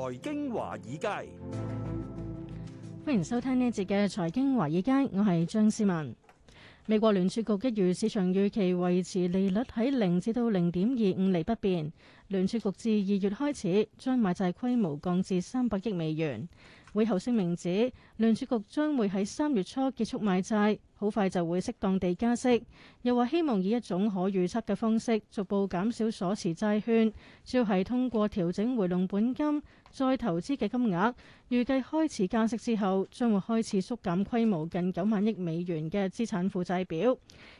財經華爾街，歡迎收聽呢一節嘅財經華爾街，我係張思文。美國聯儲局一如市場預期維持利率喺零至到零點二五厘不變，聯儲局自二月開始將買債規模降至三百億美元。會後聲明指，聯儲局將會喺三月初結束買債。好快就會適當地加息，又話希望以一種可預測嘅方式逐步減少所持債券，主要係通過調整回籠本金，再投資嘅金額。預計開始加息之後，將會開始縮減規模近九萬億美元嘅資產負債表。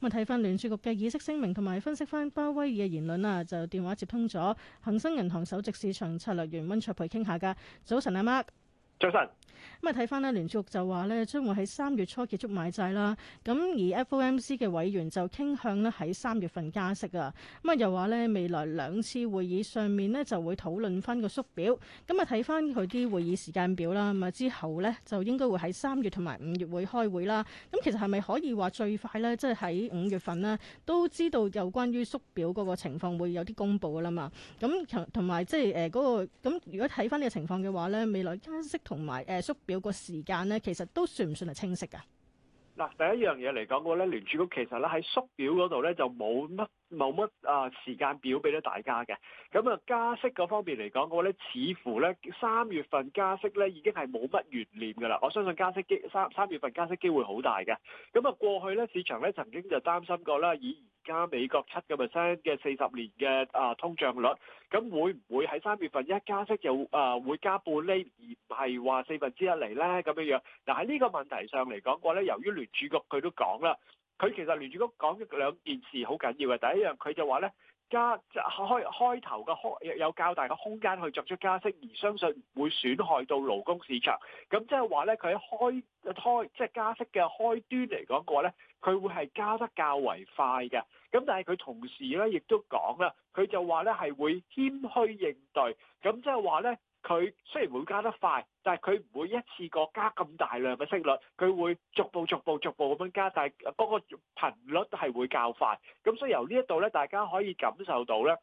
咁啊，睇翻聯儲局嘅議息聲明，同埋分析翻鮑威爾嘅言論啊，就電話接通咗恒生銀行首席市場策略員溫卓培傾下噶。早晨啊，Mark。早晨。咁啊，睇翻咧，聯儲局就話咧，將會喺三月初結束買債啦。咁而 FOMC 嘅委員就傾向咧喺三月份加息啊。咁啊，又話咧，未來兩次會議上面咧就會討論翻個縮表。咁、嗯、啊，睇翻佢啲會議時間表啦。咁啊，之後呢就應該會喺三月同埋五月會開會啦。咁、嗯、其實係咪可以話最快呢？即係喺五月份咧都知道有關於縮表嗰個情況會有啲公佈㗎啦嘛？咁同埋即係誒嗰個咁，如果睇翻呢個情況嘅話呢，未來加息同埋誒。呃縮表個時間咧，其實都算唔算係清晰噶？嗱，第一樣嘢嚟講嘅咧，聯儲局其實咧喺縮表嗰度咧就冇乜冇乜啊時間表俾咗大家嘅。咁啊，加息嗰方面嚟講嘅咧，似乎咧三月份加息咧已經係冇乜懸念噶啦。我相信加息機三三月份加息機會好大嘅。咁啊過去咧，市場咧曾經就擔心過啦，以加美國七個 percent 嘅四十年嘅啊通脹率，咁會唔會喺三月份一加息就啊會加半厘？而唔係話四分之一嚟呢？咁樣樣。嗱，喺呢個問題上嚟講，過呢，由於聯儲局佢都講啦，佢其實聯儲局講咗兩件事好緊要嘅。第一樣佢就話呢。加開開頭嘅空有，有較大嘅空間去作出加息，而相信會損害到勞工市場。咁即係話咧，佢喺開開即係、就是、加息嘅開端嚟講嘅話咧，佢會係加得較為快嘅。咁但係佢同時咧，亦都講啦，佢就話咧係會謙虛應對。咁即係話咧。佢雖然會加得快，但係佢唔會一次過加咁大量嘅息率，佢會逐步逐步逐步咁樣加，但係嗰個頻率係會較快。咁所以由呢一度呢，大家可以感受到呢，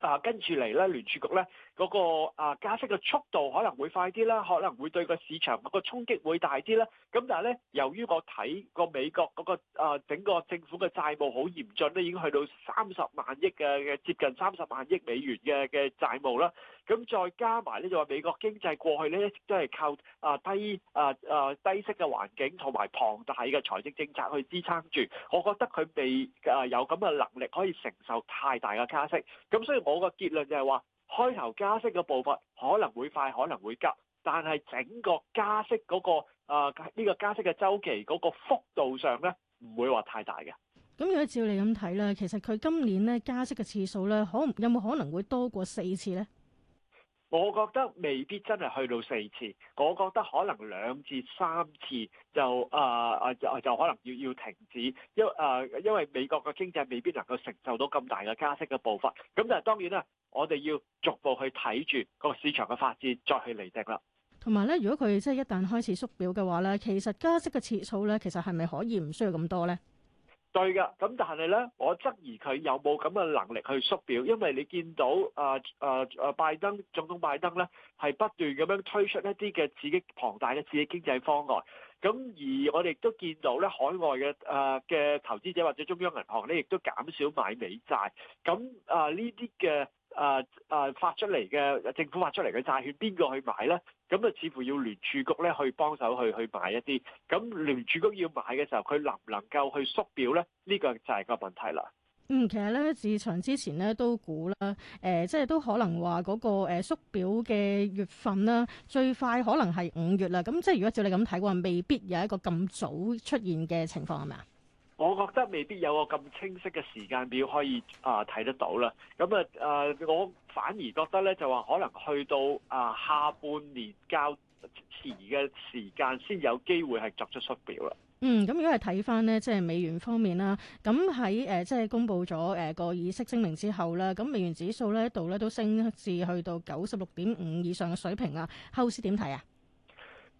啊跟住嚟呢聯儲局呢。嗰個啊加息嘅速度可能會快啲啦，可能會對個市場個衝擊會大啲啦。咁但係咧，由於我睇個美國嗰、嗰個、呃、整個政府嘅債務好嚴峻咧，已經去到三十萬億嘅嘅接近三十萬億美元嘅嘅債務啦。咁再加埋呢，就話美國經濟過去咧都係靠啊低啊啊、呃、低息嘅環境同埋龐大嘅財政政策去支撐住。我覺得佢未啊有咁嘅能力可以承受太大嘅加息。咁所以我個結論就係話。開頭加息嘅步伐可能會快可能會急，但係整個加息嗰個啊呢、呃，個加息嘅週期嗰個幅度上咧唔會話太大嘅。咁如果照你咁睇咧，其實佢今年咧加息嘅次數咧，可有冇可能會多過四次咧？我覺得未必真係去到四次，我覺得可能兩至三次就啊啊、呃、就就可能要要停止，因啊、呃、因為美國嘅經濟未必能夠承受到咁大嘅加息嘅步伐，咁但係當然啦，我哋要逐步去睇住個市場嘅發展，再去釐定啦。同埋咧，如果佢即係一旦開始縮表嘅話咧，其實加息嘅次數咧，其實係咪可以唔需要咁多咧？對㗎，咁但係咧，我質疑佢有冇咁嘅能力去縮表，因為你見到啊啊啊拜登總統拜登咧係不斷咁樣推出一啲嘅刺激龐大嘅刺激經濟方案，咁而我哋亦都見到咧海外嘅啊嘅投資者或者中央銀行咧亦都減少買美債，咁啊呢啲嘅啊。誒發出嚟嘅政府發出嚟嘅債券，邊個去買咧？咁啊，似乎要聯儲局咧去幫手去去買一啲。咁聯儲局要買嘅時候，佢能唔能夠去縮表咧？呢、這個就係個問題啦。嗯，其實咧，自從之前咧都估啦，誒、呃，即係都可能話嗰、那個誒、呃、縮表嘅月份咧，最快可能係五月啦。咁即係如果照你咁睇嘅話，未必有一個咁早出現嘅情況係咪啊？我覺得未必有個咁清晰嘅時間表可以啊睇得到啦。咁啊誒，我反而覺得咧，就話可能去到啊下半年較遲嘅時間，先有機會係作出縮表啦。嗯，咁如果係睇翻呢，即係美元方面啦，咁喺誒即係公佈咗誒個議息聲明之後啦，咁美元指數咧一度咧都升至去到九十六點五以上嘅水平啊。後市點睇啊？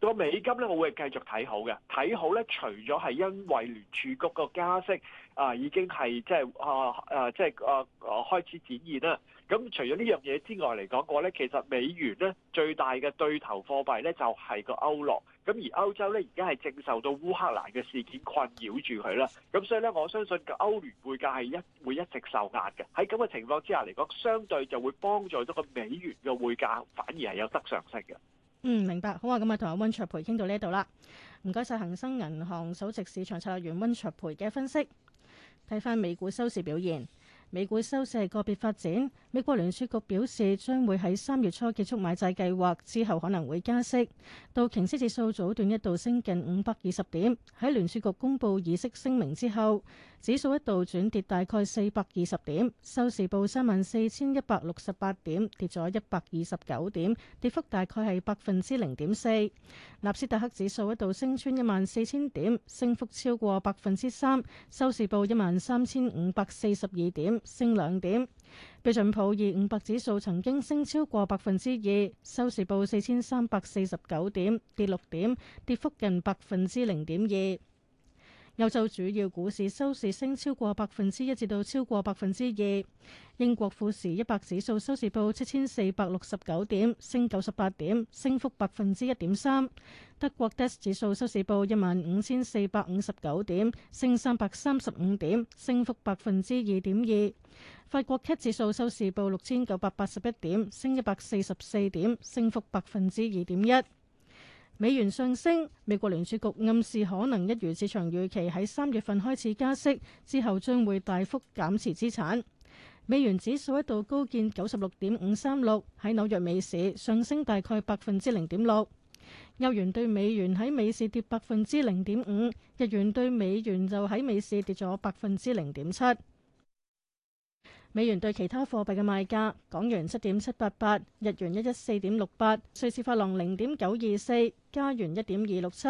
個美金咧，我會繼續睇好嘅。睇好咧，除咗係因為聯儲局個加息啊、呃，已經係即係啊啊，即係啊開始展現啦。咁除咗呢樣嘢之外嚟講嘅話咧，其實美元咧最大嘅對頭貨幣咧就係、是、個歐羅。咁而歐洲咧而家係正受到烏克蘭嘅事件困擾住佢啦。咁所以咧，我相信個歐聯匯價係一會一直受壓嘅。喺咁嘅情況之下嚟講，相對就會幫助到個美元嘅匯價，反而係有得上升嘅。嗯，明白。好啊，咁啊，同阿溫卓培傾到呢一度啦。唔該晒恒生銀行首席市場策略員溫卓培嘅分析。睇翻美股收市表現。美股收市係個別發展。美國聯儲局表示，將會喺三月初結束買債計劃，之後可能會加息。道瓊斯指數早段一度升近五百二十點，喺聯儲局公布議息聲明之後，指數一度轉跌，大概四百二十點，收市報三萬四千一百六十八點，跌咗一百二十九點，跌幅大概係百分之零點四。納斯達克指數一度升穿一萬四千點，升幅超過百分之三，收市報一萬三千五百四十二點，升兩點，標準普爾五百指數曾經升超過百分之二，收市報四千三百四十九點，跌六點，跌幅近百分之零點二。歐洲主要股市收市升超過百分之一至到超過百分之二。英國富時一百指數收市報七千四百六十九點，升九十八點，升幅百分之一點三。德國 DAX 指數收市報一萬五千四百五十九點，升三百三十五點，升幅百分之二點二。法國 CAC 指數收市報六千九百八十一點，升一百四十四點，升幅百分之二點一。美元上升，美國聯儲局暗示可能一如市場預期喺三月份開始加息，之後將會大幅減持資產。美元指數一度高見九十六點五三六，喺紐約美市上升大概百分之零點六。歐元對美元喺美市跌百分之零點五，日元對美元又喺美市跌咗百分之零點七。美元對其他貨幣嘅賣價：港元七點七八八，日元一一四點六八，瑞士法郎零點九二四，加元一點二六七，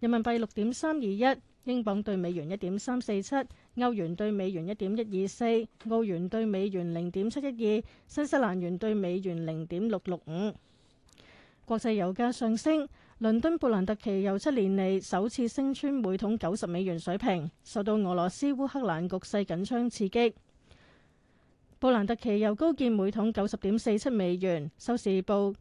人民幣六點三二一，英鎊對美元一點三四七，歐元對美元一點一二四，澳元對美元零點七一二，新西蘭元對美元零點六六五。國際油價上升，倫敦布蘭特期油七年嚟首次升穿每桶九十美元水平，受到俄羅斯烏克蘭局勢緊張刺激。布蘭特期油高見每桶九十點四七美元，收市報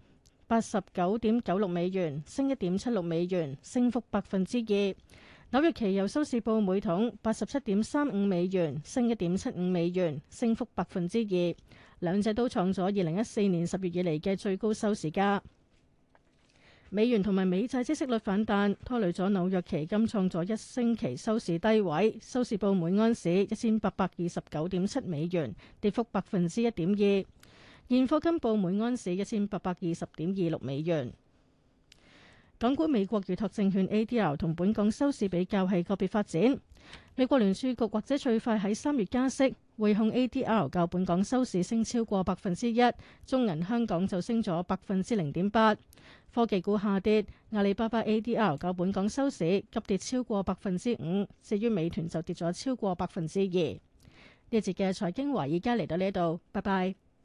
八十九點九六美元，升一點七六美元，升幅百分之二。紐約期油收市報每桶八十七點三五美元，升一點七五美元，升幅百分之二。兩者都創咗二零一四年十月以嚟嘅最高收市價。美元同埋美債孳息率反彈，拖累咗紐約期金創咗一星期收市低位。收市報每盎司一千八百二十九點七美元，跌幅百分之一點二。現貨金報每盎司一千八百二十點二六美元。港股美國預託證券 ADR 同本港收市比較係個別發展。美國聯儲局或者最快喺三月加息。匯控 ADR 較本港收市升超過百分之一，中銀香港就升咗百分之零點八。科技股下跌，阿里巴巴 ADR 較本港收市急跌超過百分之五，至於美團就跌咗超過百分之二。呢節嘅財經華爾街而家嚟到呢度，拜拜。